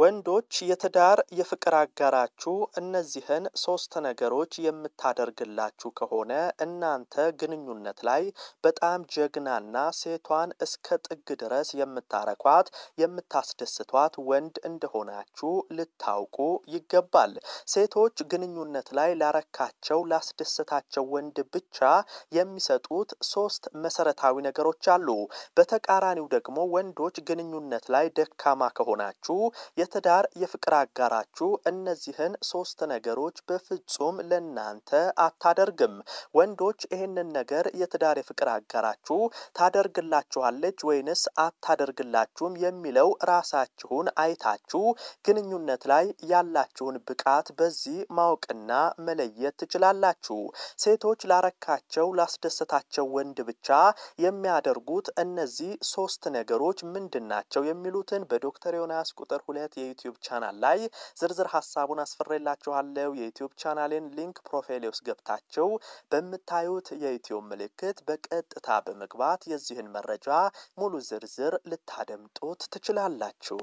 ወንዶች የትዳር የፍቅር አጋራችሁ እነዚህን ሶስት ነገሮች የምታደርግላችሁ ከሆነ እናንተ ግንኙነት ላይ በጣም ጀግናና ሴቷን እስከ ጥግ ድረስ የምታረኳት የምታስደስቷት ወንድ እንደሆናችሁ ልታውቁ ይገባል። ሴቶች ግንኙነት ላይ ላረካቸው ላስደሰታቸው ወንድ ብቻ የሚሰጡት ሶስት መሰረታዊ ነገሮች አሉ። በተቃራኒው ደግሞ ወንዶች ግንኙነት ላይ ደካማ ከሆናችሁ የትዳር የፍቅር አጋራችሁ እነዚህን ሶስት ነገሮች በፍጹም ለናንተ አታደርግም። ወንዶች ይህንን ነገር የትዳር የፍቅር አጋራችሁ ታደርግላችኋለች ወይንስ አታደርግላችሁም የሚለው ራሳችሁን አይታችሁ ግንኙነት ላይ ያላችሁን ብቃት በዚህ ማወቅና መለየት ትችላላችሁ። ሴቶች ላረካቸው ላስደሰታቸው ወንድ ብቻ የሚያደርጉት እነዚህ ሶስት ነገሮች ምንድን ናቸው? የሚሉትን በዶክተር ዮናስ ቁጥር ሁለት አይነት የዩቲዩብ ቻናል ላይ ዝርዝር ሀሳቡን አስፈሬላችኋለሁ። የዩቲዩብ ቻናሌን ሊንክ ፕሮፋይሌ ውስጥ ገብታችሁ በምታዩት የዩቲዩብ ምልክት በቀጥታ በመግባት የዚህን መረጃ ሙሉ ዝርዝር ልታደምጡት ትችላላችሁ።